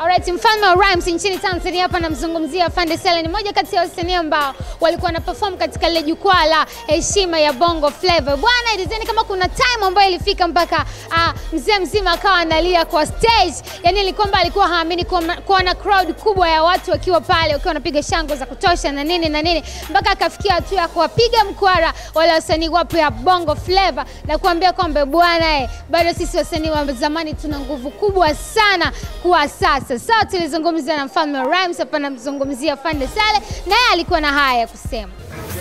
Alright, mfalme wa Rhymes nchini Tanzania hapa namzungumzia Fande Sele, ni moja kati ya wasanii ambao walikuwa na perform katika lile jukwaa la heshima ya Bongo Flava. Bwana, ilizeni kama kuna time ambayo ilifika mpaka uh, mzee mzima akawa analia kwa stage, Yaani ilikuwa kwamba alikuwa haamini kuona crowd kubwa ya watu wakiwa pale wakiwa wanapiga shangwe za kutosha na nini na nini, mpaka akafikia hatua ya kuwapiga mkwara wale wasanii wapo ya Bongo Flava na kuambia kwamba bwana, eh, bado sisi wasanii wa zamani tuna nguvu kubwa sana kuwa sasa sasa tulizungumzia na mfalme Rhymes hapa, namzungumzia Fande Sale, naye alikuwa na haya ya kusema.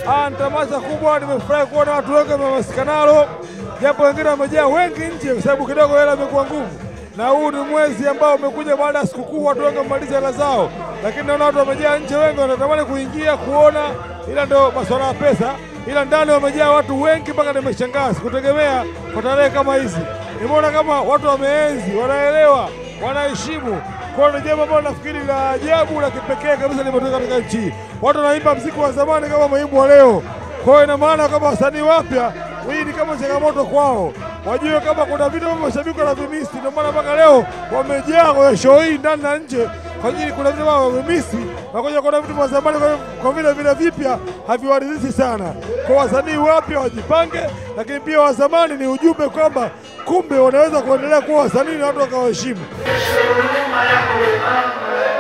Ah, ni tamasha kubwa, nimefurahi kuona watu wengi wamehamasika japo wengine wamejaa wengi nje, kwa sababu kidogo hela imekuwa ngumu, na huu ni mwezi ambao umekuja baada ya sikukuu, watu wengi wamemaliza hela zao, lakini naona watu wamejaa nje, wengi wanatamani kuingia kuona, ila ndo masuala ya pesa, ila ndani wamejaa watu wengi mpaka nimeshangaa, sikutegemea kwa tarehe kama hizi. Nimeona kama watu wameenzi, wanaelewa, wanaheshimu kwa ni jambo ambalo nafikiri la ajabu la kipekee kabisa limetokea katika nchi. Watu wanaimba mziki wa zamani kama maimbo leo. Kwa hiyo ina maana kama wasanii wapya hii ni kama changamoto kwao, wajue kama kuna vitu ambavyo mashabiki wanavimisi. Ndio maana mpaka leo wamejaa kwenye show hii ndani na nje, kwa ajili kuna vitu ambavyo wamemisi, nakuja kuna vitu vya zamani, kwa vile vile vipya haviwaridhishi sana. Kwa wasanii wapya wajipange, lakini pia wa zamani ni ujumbe kwamba kumbe wanaweza kuendelea kuwa wasanii na watu wakawaheshimu. Amen.